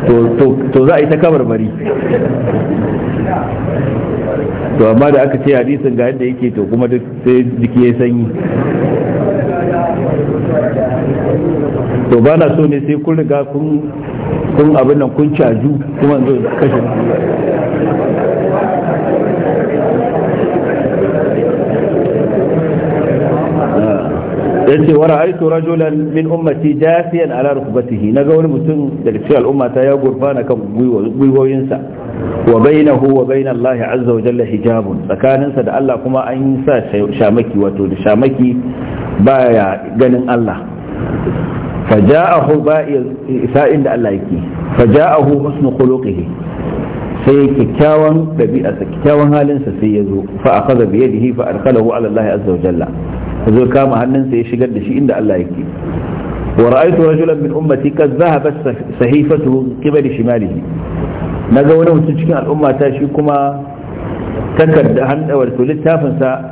A: to za a yi ta kabarbari to amma da aka ce hadisin ga yadda yake to kuma duk sai jiki ya sanyi to ba na so ne sai kun riga kun abin nan kun caju kuma zo kashe yace wara ra'aytu rajulan min ummati jafiyan ala rukbatihi naga wani mutum da cikin al'ummata ya gurfana kan gwiwoyinsa wa bainahu wa bain Allah azza wa jalla hijabun tsakaninsa da Allah kuma an yi sa shamaki wato da shamaki baya ganin Allah faja'ahu ba'iya sa'in da Allah yake faja'ahu husnu khuluqihi sai kyakkyawan dabi'a kyakkyawan halinsa sai ya zo fa akhadha bi yadihi fa arkalahu ala Allah azza wa jalla zo kama hannunsa ya shigar da shi inda Allah yake wa ra'aytu rajulan min naga wani mutum cikin al'umma ta shi kuma takarda hannawar littafinsa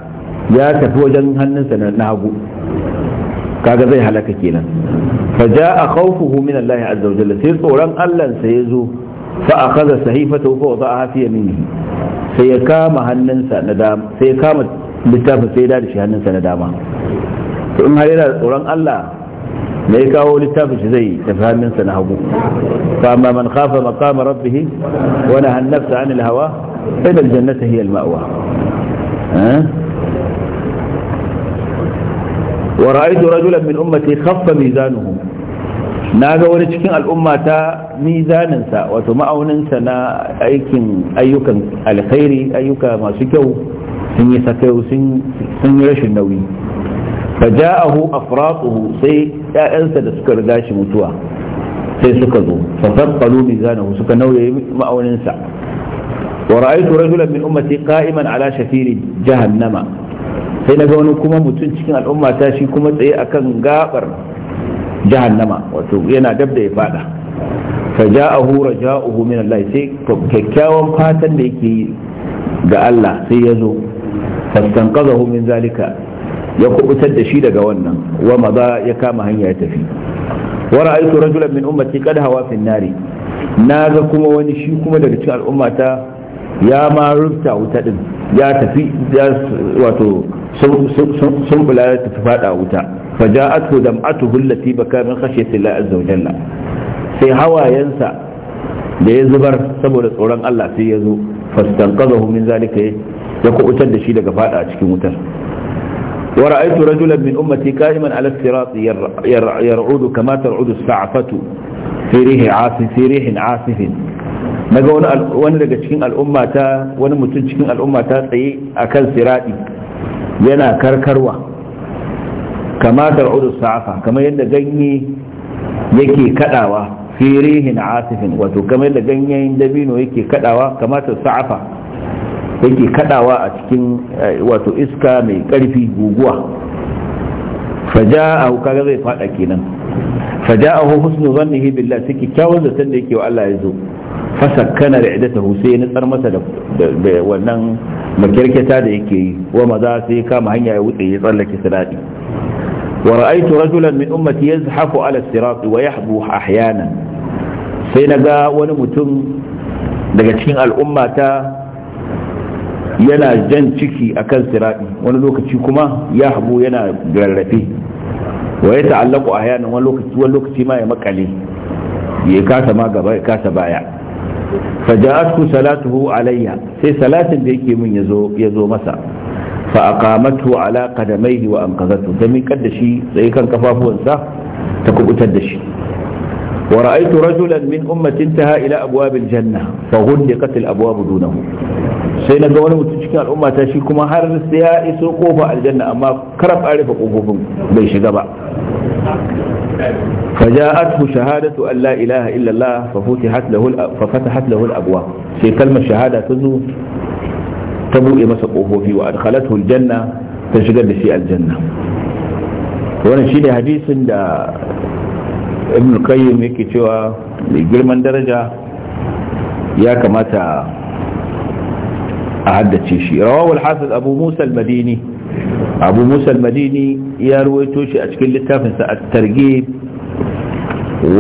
A: ya tafi wajen hannunsa na hagu kaga zai halaka kenan fa jaa khawfuhu min Allah azza wa jalla sai tsoron Allah sa yazo fa akhadha sahifatahu fa wada'aha fi yaminihi sai ya kama hannunsa na dama sai ya kama littafin sai ya da shi hannunsa na dama to in har yana tsoron Allah me ya kawo littafin shi zai tafi hannunsa na hagu fa amma man khafa maqama rabbih wa nahana nafsa 'anil hawa fa al jannata hiya al ma'wa wa ra'aytu rajulan min ummati khaffa mizanuhu na ga wani cikin al'umma ta mizaninsa wato ma'aunin sa na aikin ayyukan alkhairi ayyuka masu kyau sun yi sakayo sun yi rashin nauyi fa ja'ahu afraquhu sai ƴaƴansa da suka riga shi mutuwa sai suka zo fa taqalu mizanahu suka nauye ma'aunin sa, wa ra'aytu rajulan min ummati qa'iman ala shafiri jahannama sai na ga wani kuma mutum cikin al'umma ta shi kuma tsaye a akan gabar jahannama wato yana dab da ya fada ja'ahu raja'uhu min Allah sai kyakkyawan fatan da yake ga Allah sai ya zo fastanqazahu min zalika ya kubutar da shi daga wannan wa maza ya kama hanya ya tafi wa ra'aytu rajulan min ummati qad hawa fi nari na ga kuma wani shi kuma daga cikin al'ummata ya ma rufta wuta din ya tafi wato sun da ta fada wuta fa ja'atu dam'atuhu allati baka min khashyati Allah azza wa jalla sai hawayensa da ya zubar saboda tsoron Allah sai ya zo fastanqadahu min zalika ya kubutar da shi daga fada a cikin wutar wa ra'aytu rajulan min ummati qa'iman ala sirat yar'udu kama tar'udu as-sa'fatu fi rihi 'asif fi rihin 'asifin naga wani wani daga cikin al'umma ta wani mutum cikin al'umma ta tsaye akan sirati yana karkarwa kama da udu sa'afa kamar yadda ganye yake kadawa firihin rihin asifin wato kamar yadda ganyen dabino yake kadawa kama ta sa'afa yake kadawa a cikin eh, wato iska mai karfi guguwa Faja a kaga zai fada kenan Faja faja'ahu husnu zannihi billah sai kikkiawar zaton da yake wa Allah ya zo fasakkana da idatahu sai ya nutsar masa da wannan makirkita da yake yi wa maza sai kama hanya ya wuce ya tsallake sirati wa ra'aitu rajulan min ummati yazhafu ala sirat wa yahbu ahyana sai naga wani mutum daga cikin ta yana jan ciki akan sirati wani lokaci kuma yahbu yana rarrafe wa ya ta'allaku ahyana wani lokaci wani lokaci ma ya makale ya kasa ma gaba ya kasa baya faja'atku salatuhu alayya sai salatin da yake min yazo zo masa fa aqamatu ala qadamaihi wa anqadhatu da min kadda shi sai kan kafafuwansa ta kubutar da shi wa ra'aytu rajulan min ummati intaha ila abwab aljanna fa ghulqat alabwab dunahu sai naga wani mutum cikin al'umma shi kuma har sai ya iso kofa a aljanna amma karab arifa kofofin bai shiga ba فجاءته شهادة أن لا إله إلا الله ففتحت له ففتحت له الأبواب في كلمة شهادة تزو تبوء مسقه فيه وأدخلته الجنة تشغل في الجنة وانا شيني حديث دا ابن القيم يكي تشوى girman daraja ya kamata a haddace shi rawawul hafiz abu musa al-madini abu musa al-madini ya ruwaito shi a cikin littafinsa at-targhib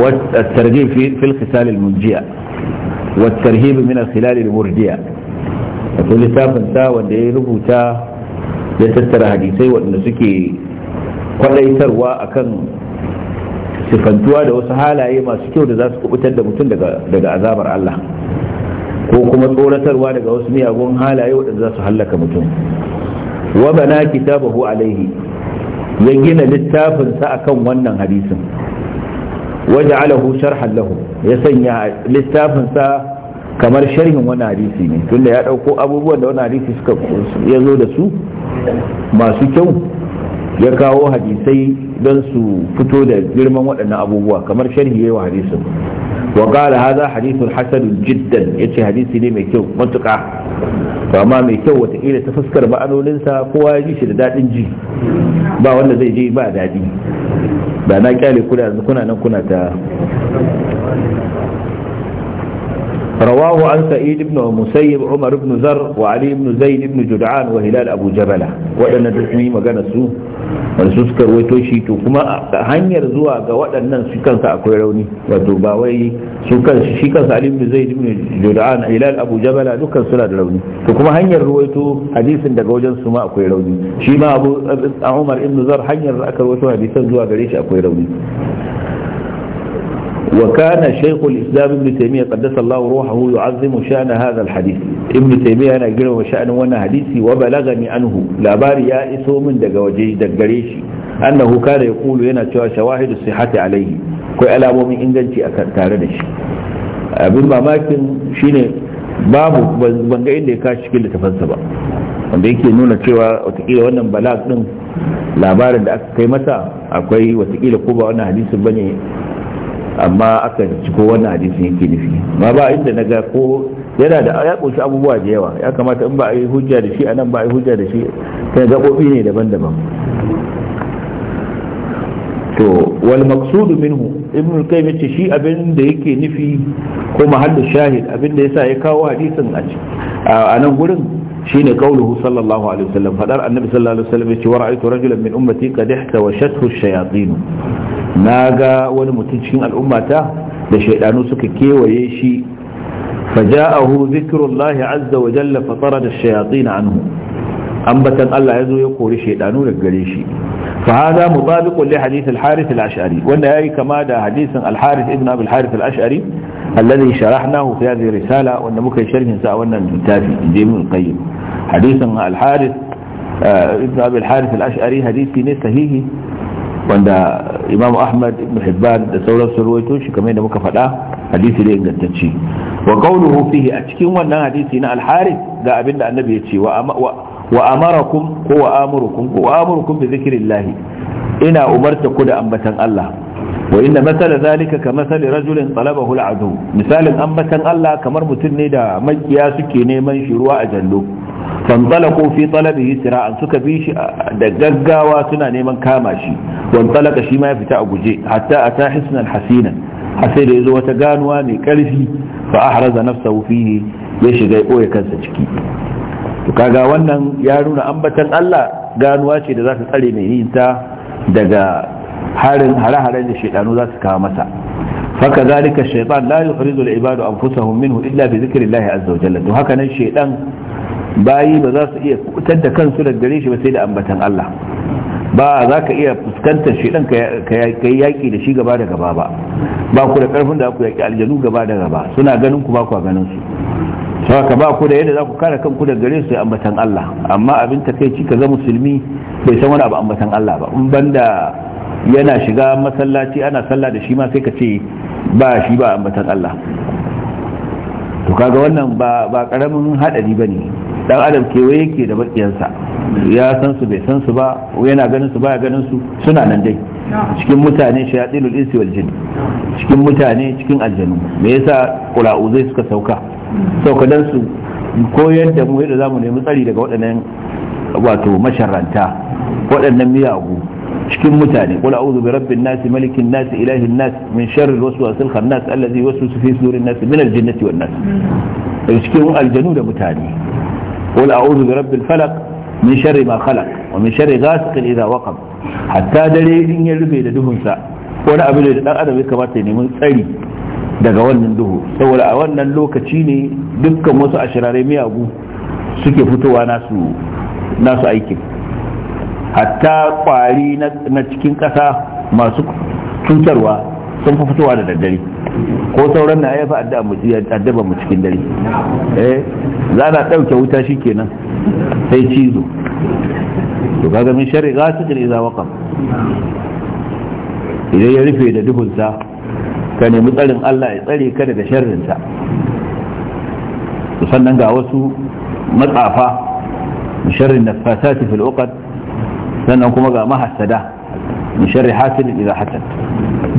A: wa at fi al-khisal al-munjiya wa tarhib min al-khilal al-murdiya wato wanda ya rubuta ya tattara hadisai waɗanda suke kwadaitarwa akan sifantuwa da wasu halaye masu kyau da za su kubutar da mutum daga azabar Allah ko kuma tsoratarwa daga wasu miyagun halaye waɗanda za su hallaka mutum wa bana kitabahu alaihi ya gina littafinsa akan wannan hadisin waja'alahu sharhan lahu ya sanya littafinsa kamar sharhin wani hadisi ne tunda ya dauko abubuwan da wani hadisi suka ya zo da su masu kyau ya kawo hadisai don su fito da girman waɗannan abubuwa kamar sharhi yayi wa hadisin wa qala hadha hadithun hasan jiddan ce hadisi ne mai kyau matuƙa to amma mai kyau wataƙila ta fuskar ma'anolinsa kowa ya ji shi da daɗin ji ba wanda zai je ba daɗi da na kyale kuna nan kuna ta rawahu an sa'id ibn musayyib umar ibn zar wa ali ibn zaid jud'an wa hilal abu jabala waɗannan duk mun yi magana su wani su suka ruwaito shi to kuma hanyar zuwa ga waɗannan su kansa akwai rauni wato ba wai su kansa shi kansa alim bin zaid bin a ilal abu jabala dukkan suna da rauni to kuma hanyar ruwaito hadisin daga wajen su ma akwai rauni shi ma abu umar ibn zar hanyar aka ruwaito hadisan zuwa gare shi akwai rauni وكان شيخ الإسلام ابن تيمية قدس الله روحه يعظم شأن هذا الحديث ابن تيمية أنا أجره وشأن وانا حديثي وبلغني عنه لا بار يائسه من دقوجيش دقريش أنه كان يقول هنا شواهد الصحة عليه كي ألام من إنجلتي أكتاردش abin mamakin shine babu ban ga inda ya kashi cikin littafansa ba wanda yake nuna cewa watakila wannan balak din labarin da aka kai masa akwai watakila ko ba wannan hadisin bane amma aka ciko wannan hadisi yake nufi ma ba inda na ga ko yana da ya kunshi abubuwa da yawa ya kamata in ba a yi hujja da shi a nan ba a yi hujja da shi kan gaɓoɓi ne daban-daban to wal maqsudu minhu ibn al-qayyim yace shi abin da yake nufi ko mahallu shahid abin da yasa ya kawo hadisin a a nan gurin shine qauluhu sallallahu alaihi wasallam fadar annabi sallallahu alaihi wasallam yace wa ra'aytu rajulan min ummati qad ihtawashathu ash-shayatin na ga wani mutum cikin al'ummata da shaidanu suka kewaye shi faja'ahu zikrullahi azza wa jalla fa tarada ash-shayatin anhu ambatan Allah zo ya kori shaidanu da gare shi fa hada mutabiq li hadith al-harith al-ash'ari wanda yayi kama da hadithin al-harith ibn abi al-harith al-ash'ari alladhi sharahnahu fi risala wanda muka yi sharhin sa a wannan littafi inde mun qayyim hadithin al-harith eh, ibn abi al ne sahihi wanda imam ahmad ibn hibban da sauran su shi kamar yadda muka faɗa hadisi da ingantacce wa qawluhu fihi a cikin wannan hadisi na al-harith ga abinda annabi ya ce wa amarakum ko wa amurukum ko wa amurukum bi zikrillah ina umarta ku da ambatan Allah wa inna masala zalika ka masali rajulin talabahu al-adu misalin ambatan Allah kamar mutum ne da makiya suke neman shi ruwa a jallo fantalaqu fi talabihi sira'an suka bi shi da gaggawa suna neman kama shi wantalaka shi ma ya fita a guje hatta ata hisnan hasinan hasai da yazo wata ganuwa mai karfi fa ahraza nafsahu fihi ya shiga ya kansa ciki to kaga wannan ya nuna ambatan Allah ganuwa ce da za ta tsare mai ta. daga harin hare-hare da shaidanu za su kawo masa haka zalika shaitan la yuhrizu al-ibadu anfusahum minhu illa bi dhikrillahi azza wa jalla to haka nan shaitan bayi ba za su iya fitar da kansu da gare shi ba sai da ambatan Allah ba za ka iya fuskantar shi ɗan ka yi yaƙi da shi gaba da gaba ba ba ku da ƙarfin da ku yaƙi aljanu gaba da gaba suna ganin ku ba ku ganin su ka ba ku da yadda za ku kare kanku da gare su ya ambatan Allah amma abin ta takaici ka za musulmi bai san wani abu ambatan Allah ba in banda yana shiga masallaci ana sallah da shi ma sai ka ce ba shi ba ambatan Allah to kaga wannan ba ba karamin hadari bane dan adam kewaye yake da bakiyansa ya san su bai san su ba yana ganin su baya ganin su suna nan dai
B: cikin mutane
A: shayatinul insi wal jin cikin mutane cikin aljanu me yasa zai suka sauka sauka dan su koyar da mu yadda zamu nemi tsari daga waɗannan wato masharanta waɗannan miyagu cikin mutane qul a'udhu bi rabbin nas malikin nas ilahin nas min sharri waswasil khannas allazi yuwaswisu fi sudurin nas min al-jinnati wan nas cikin aljanu da mutane قل أعوذ برب الفلق من شر ما خلق ومن شر غاسق إذا وقب حتى دليل إن يلبي لدهن سا ولا أبدا لأن أدم يكبات من تسألي daga wannan duhu saboda a wannan lokaci ne dukkan wasu ashirare miyagu suke fitowa nasu nasu aikin hatta kwari na cikin ƙasa masu cutarwa sun fi fitowa da daddare ko sauran na ayyafa addaba mu cikin dare eh za na ɗauke wuta shi kenan sai cizo to kaga min shari su ghasiqin za waqab idan ya rufe da duhunsa ka nemi tsarin Allah ya tsare ka daga sharrinsa sannan ga wasu matsafa sharrin nafasati fil uqad sannan kuma ga mahassada sharri hasidin idza hasad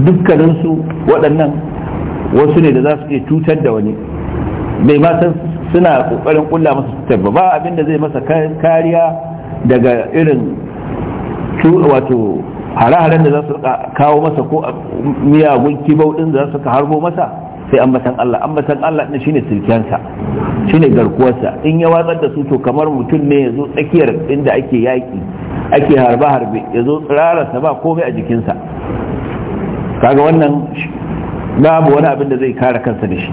A: dukkaninsu waɗannan wasu ne da za su iya cutar da wani Mai ma suna kokarin kulla masa cutar ba ba abin da zai masa kariya daga irin wato hare da za su kawo masa ko miyagun kibau din da za su harbo masa sai ambatan Allah ambatan Allah din shine sirkiyansa shine garkuwarsa in ya watsar da su to kamar mutum ne ya zo tsakiyar inda ake yaki ake harba harbe ya zo tsirararsa ba komai a jikinsa kaga wannan babu wani abin da zai kare kansa da shi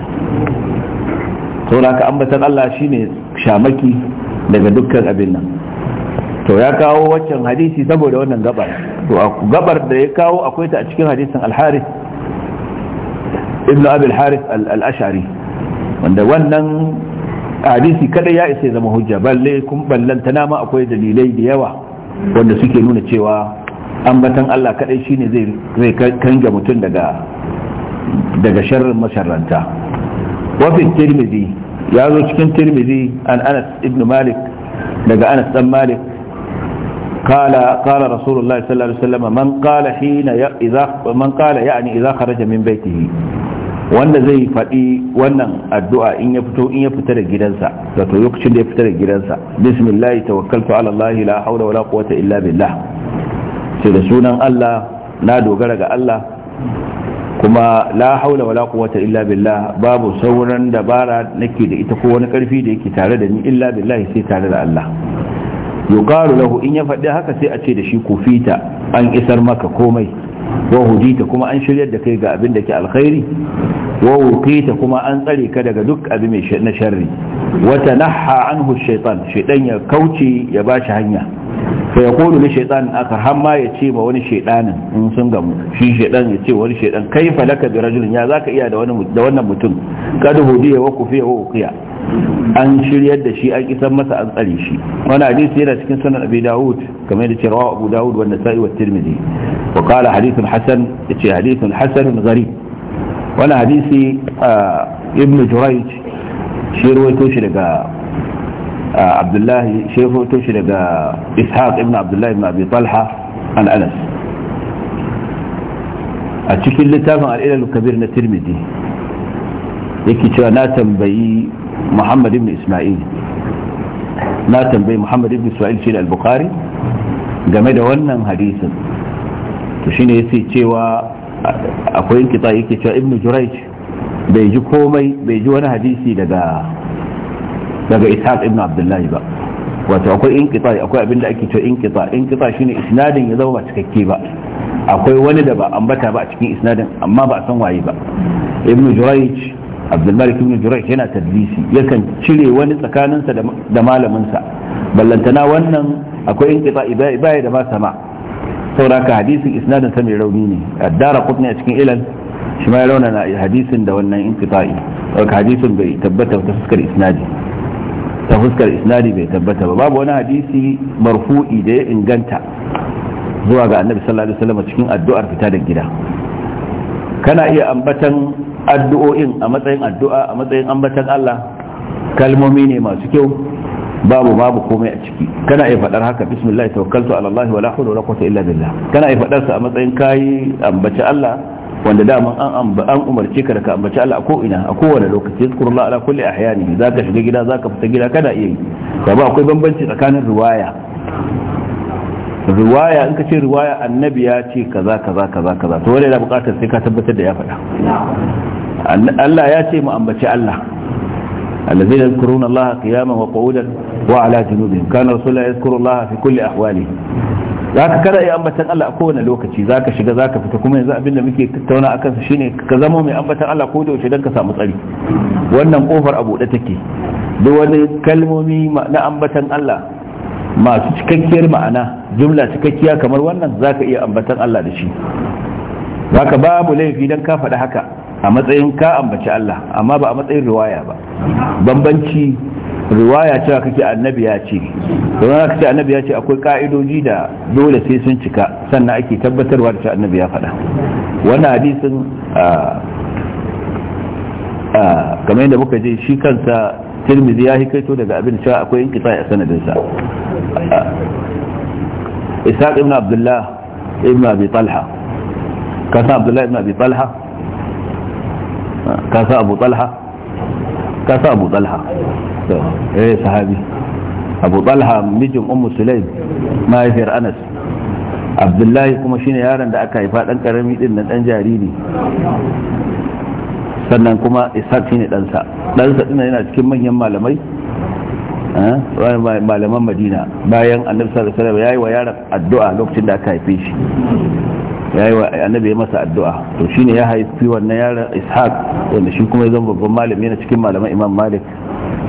A: ka ambatan Allah shi ne shamaki daga dukkan abin nan to ya kawo waccan hadisi saboda wannan gabar to gabar da ya kawo akwai ta a cikin hadisin al haris ibn abi al haris al-ash'ari wanda wannan hadisi kada ya isa zama hujja balle kun ballanta nama akwai dalilai da yawa wanda suke nuna cewa ambatan Allah kadai shine zai zai kanga mutum daga daga sharrin masharranta wafin tirmidhi ya zo cikin tirmidhi an anas ibn malik daga anas dan malik قال قال رسول الله صلى الله عليه وسلم من قال حين اذا من قال يعني اذا خرج من wanda zai faɗi wannan addu'a in ya fito in ya fita da gidansa to lokacin da ya fita da gidansa bismillah tawakkaltu ala Allah la hawla wala quwwata illa billah sai da sunan Allah na dogara ga Allah kuma la haula wala quwwata illa billah babu sauran dabara nake da ita ko wani karfi da yake tare da ni illa billahi sai tare da Allah yuqalu lahu in ya faɗi haka sai a ce da shi kufita an isar maka komai wa hudita kuma an shiryar da kai ga abin da ke alkhairi wa wuqita kuma an tsare ka daga duk abin mai na sharri wa tanahha anhu shaytan shaytan ya kauce ya bashi hanya fa yaqulu li shaytan akhar hamma ya ce ma wani shaydanin in sun gamu shi shaydan ya ce wani shaydan kaifa laka bi rajulin ya zaka iya da wannan mutum kad hudiya wa kufiya wa uqiya an shiryar da shi an isar masa an tsare shi wani hadisi yana cikin sunan abi Da'ud kamar da cewa abu dawud wa nasa'i wa tirmidhi wa qala hadithun hasan yace hadithun hasan gharib wani hadisi ah, ibn jurayj shi ruwaito shi daga abdullahi shehu to shi daga ishaq ibn abdullahi ibn abi talha an anas a cikin littafin al'ilal kabir na tirmidhi yake cewa na tambayi muhammad ibn isma'il na tambayi muhammad ibn isma'il shi da al-bukhari game da wannan hadisin to shine yace cewa akwai inkita yake cewa ibn jurayj bai ji komai bai ji wani hadisi daga daga ishaq ibn abdullahi ba wato akwai inkita akwai abin da ake cewa inkita inkita shine isnadin ya zama ba cikakke ba akwai wani da ba ambata ba a cikin isnadin amma ba a san waye ba ibn jurayj abdulmalik ibn jurayj yana tadlisi yakan cire wani tsakaninsa da malaminsa ballantana wannan akwai inkita ibaya da ba sama sauraka hadisin isnadin sa mai rauni ne addara qutni a cikin ilal shi ma ya raunana hadisin da wannan inkita'i sauraka hadisin bai tabbata ta fuskar isnadi ta fuskar isnadi bai tabbata ba babu wani hadisi marfu'i da ya inganta zuwa ga annabi sallallahu alaihi wasallam cikin addu'ar fita da gida kana iya ambatan addu'o'in a matsayin addu'a a matsayin ambatan Allah kalmomi ne masu kyau babu babu komai a ciki kana iya fadar haka bismillah tawakkaltu ala Allah wa la hawla wa quwwata illa billah kana iya fadar sa a matsayin kai ambaci Allah wanda dama an an umarce ka ka ambaci Allah a ko ina a kowane lokaci zikrullah ala kulli ahyani zaka shiga gida zaka fita gida kana iya yi ba akwai bambanci tsakanin riwaya riwaya in ka ce riwaya annabi ya ce kaza kaza kaza kaza to wanda yana bukatar sai ka tabbatar da ya faɗa Allah ya ce mu ambaci Allah الذين يذكرون الله قياما وقعودا وعلى جنوبهم كان رسول الله يذكر الله في كل أحواله za ka kada ya ambatan Allah a kowane lokaci za ka shiga za ka fita kuma yanzu abinda muke tattauna a kansa shine ka zama mai ambatan Allah ko da don ka samu tsari wannan kofar abu buɗe take duk wani kalmomi na ambatan Allah masu cikakkiyar ma'ana jumla cikakkiya kamar wannan za ka iya ambatan Allah da shi za ka babu laifi don ka faɗi haka a matsayin ka ambaci Allah amma ba a matsayin riwaya ba bambanci riwaya cewa kake annabi ya ce domin aka ce annabi ya ce akwai ka'idoji da dole sai sun cika sannan ake tabbatarwa da cewa annabi ya faɗa wannan hadisin kamar yadda muka je shi kansa tirmidhi ya hikaito daga abin cewa akwai inkita a sa ishaq ibn abdullah ibn abi talha kasa abdullah ibn abi talha kasa abu talha kasa abu talha eh sahabi abu balha mijin ummu sulaim mahaifiyar anas abdullahi kuma shine yaron da aka haifa dan karami din dan jariri sannan kuma ishaq shine ɗansa ɗansa ɗin yana cikin manyan malamai eh, malaman madina bayan annabi sallallahu alaihi wasallam yayi wa yaron addu'a lokacin da aka haife shi yayi wa annabi ya masa addu'a to shine ya haifi wannan yaron ishaq wanda shi kuma ya zama babban malami na cikin malaman imam malik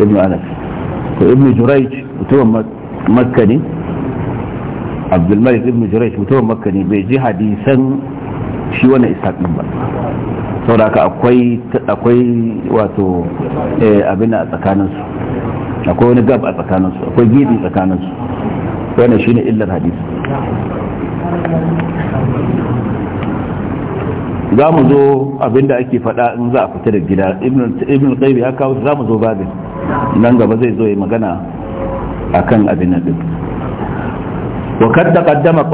A: ibn anas ko ibn jurayj mutumin makka ne abdulmalik ibn jurayj mutumin makka ne bai ji hadisan shi wani ishaq din ba saboda haka akwai akwai wato eh, abin a tsakaninsu akwai wani gab a tsakaninsu akwai gidi tsakaninsu wannan shine illar hadisi za mu zo abinda ake faɗa in za a fita da gida ibn al-qayyim ya kawo za mu zo babin nan gaba zai zo ya magana akan abin nan din wa kad taqaddama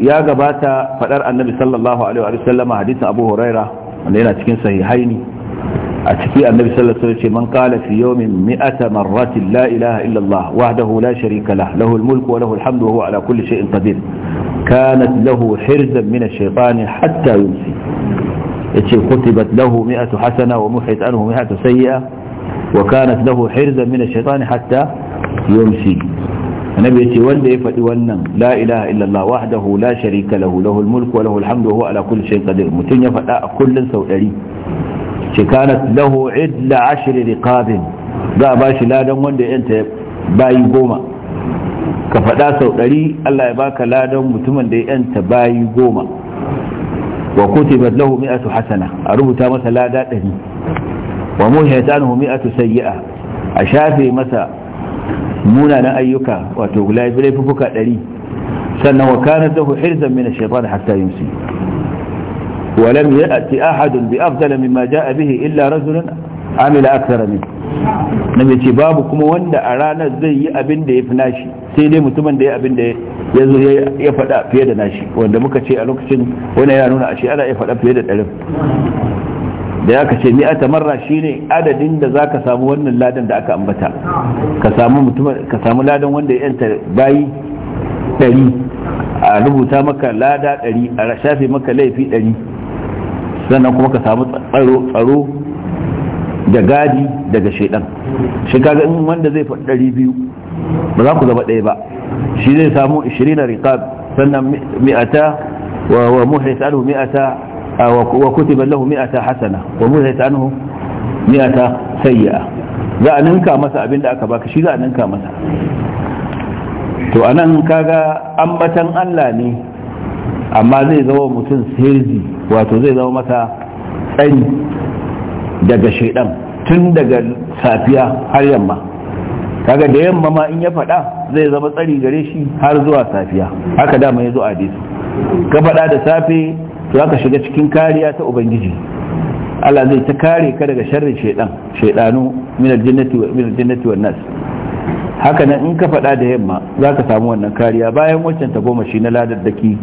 A: ya gabata fadar annabi sallallahu alaihi wa sallam hadisin abu huraira wanda yana cikin ne a ciki annabi sallallahu alaihi wasallam man kala fi mi'ata marratin la ilaha illa Allah wahdahu la sharika lah lahu al wa lahu hamdu wa huwa ala kulli shay'in qadir kanat lahu hirzan min ash-shaytan hatta yumsi yace kutibat lahu mi'atu hasana wa muhit anhu mi'atu sayyi'a وكانت له حرزا من الشيطان حتى يمسي النبي يتي wanda ya faɗi wannan la ilaha illallah wahdahu la sharika lahu lahul mulku wa lahul hamdu wa huwa ya faɗa a kullun sau 100 ce kanat lahu idla ashri riqabin za ba ladan wanda yanta bayi goma ka fada sau Allah ya baka ladan mutumin da yanta bayi goma wa kutibat lahu mi'atu hasana a rubuta masa lada 100 wa muhitanu mi'atu sayyi'a a shafe masa munanan ayyuka wato laifuka ɗari sannan wa kana dahu hirzan min ash-shaytan hatta yumsi wa lam ya'ti ahadun bi afdala mimma ja'a bihi illa rajulun amila nabi ce babu kuma wanda a ranar zai yi abin da ya fi nashi sai dai mutumin da ya abin da ya zo ya faɗa fiye da nashi wanda muka ce a lokacin wani ya nuna ashe ana ya faɗa fiye da ɗarin da aka ce mi'ata marra shine adadin da zaka samu wannan ladan da aka ambata ka samu mutum ka samu ladan wanda ya yanta bayi 100 a rubuta maka lada 100 a shafe maka laifi 100 sannan kuma ka samu tsaro tsaro da gadi daga shedan shi kaga in wanda zai faɗi 200 ba za ku zama ɗaya ba shi zai samu 20 riqab sannan mi'ata wa muhris mi'ata wa kutiba lahu mi'ata hasana wa muzhit anhu mi'ata sayyi'a za a ninka masa abin da aka baka shi za ninka masa to anan kaga ambatan Allah ne amma zai zama mutum sirri wato zai zama masa tsari daga shaidan tun daga safiya har yamma kaga da yamma ma in ya faɗa zai zama tsari gare shi har zuwa safiya haka dama ya zo a ka faɗa da safe to aka shiga cikin kariya ta ubangiji Allah zai ta kare ka daga sharrin shaidan shaidanu min aljannati wa min aljannati wan nas haka nan in ka faɗa da yamma za ka samu wannan kariya bayan wancan ta goma shi na ladaddaki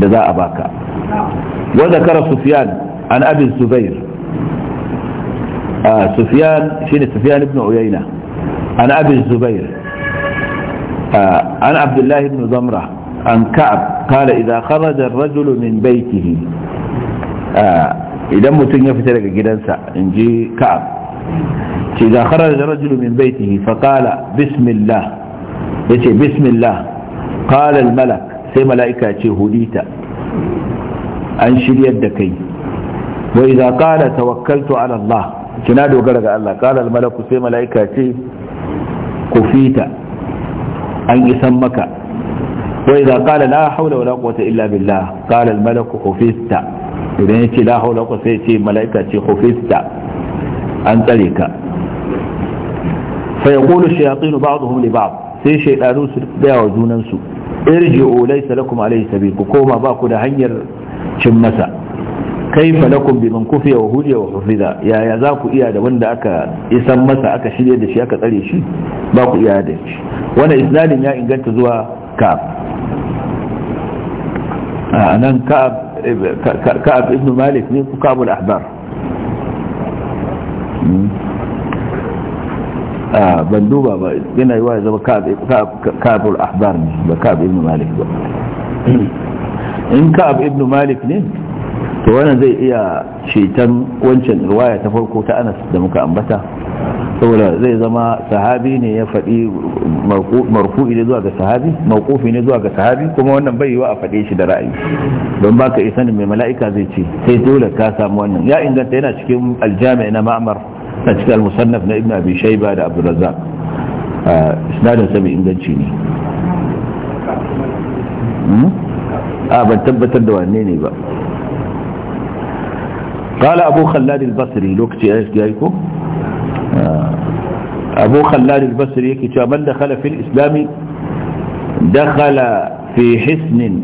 A: da za a baka wa zakara sufyan an abin zubair sufyan shi ne sufyan ibn uyayna an abin zubair an abdullahi ibn zamra an ka'ab kala idan kharaja rajulu min baitihi idan mutum ya fita daga gidansa in ji ka'ab ce idan kharaja rajulu min baitihi fa kala bismillah yace bismillah kala malak sai mala'ika ce hudita an shiryar da kai wa idan kala tawakkaltu ala Allah kina dogara ga Allah kala sai mala'ika kufita an isan maka wa idza qala la hawla wala quwwata illa billah qala al malaku hufista idan yace la hawla quwwata sai ce malaika an tsare ka fa yaqulu shayatin ba'dhum li ba'd sai shaydanu su gaya wa junansu. su irji'u laysa ku koma ba ku da hanyar cin masa kaifa lakum biman kufiya wa hudiya yaya zaku ku iya da wanda aka isan masa aka shirya da shi aka tsare shi ba ku iya da ya inganta zuwa ka'ab ka'ab ibn malik ne ku ka'ab al-ahbar hmm. ban duba ba yana yi wa zama al-ahbar ne ba ka'ab ibn malik ba hmm. in ka'ab ibn malik ne to wannan zai iya ceton wancan ruwaya ta farko ta anas da muka ambata saboda zai zama sahabi ne ya faɗi marfu'i ne zuwa ga sahabi mawqufi ne zuwa ga sahabi kuma wannan bai yiwa a faɗe shi da ra'ayi don baka isa ne mai mala'ika zai ce sai dole ka samu wannan ya inganta yana cikin aljami'a na ma'amar a cikin al-musannaf na ibn abi shayba da abdul razzaq ah, isnadin sa mai inganci ne hmm? a ah, ban tabbatar da wanne ne ba قال أبو خلاد البصري لوكت ايش جايكو آه. أبو خلاد البصري كتاب من دخل في الإسلام دخل في حسن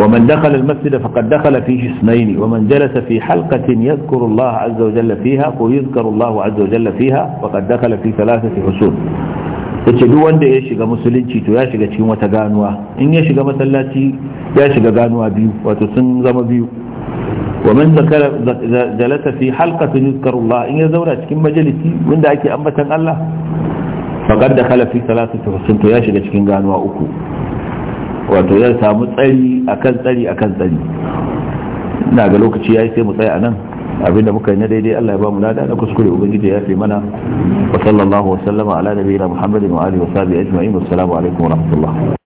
A: ومن دخل المسجد فقد دخل في حسنين ومن جلس في حلقة يذكر الله عز وجل فيها ويذكر الله عز وجل فيها فقد دخل في ثلاثة حسون yace duk wanda ya shiga musulunci to ya shiga cikin wata ganuwa in ya shiga masallaci ya shiga ganuwa biyu wato sun zama biyu wa man zakara jalasa fi halqatin yuzkaru Allah in ya zauna cikin majalisi wanda ake ambatan Allah faqad dakhala fi salatati husn to ya shiga cikin ganuwa uku wato ya samu tsari akan tsari akan tsari ina ga lokaci yayi sai mu tsaya anan abinda muka yi na daidai Allah ya ba mu lada na kuskure ubangiji ya fi mana wa sallallahu wa sallama ala nabiyina muhammadin wa alihi wa sahbihi ajma'in wassalamu alaikum wa rahmatullah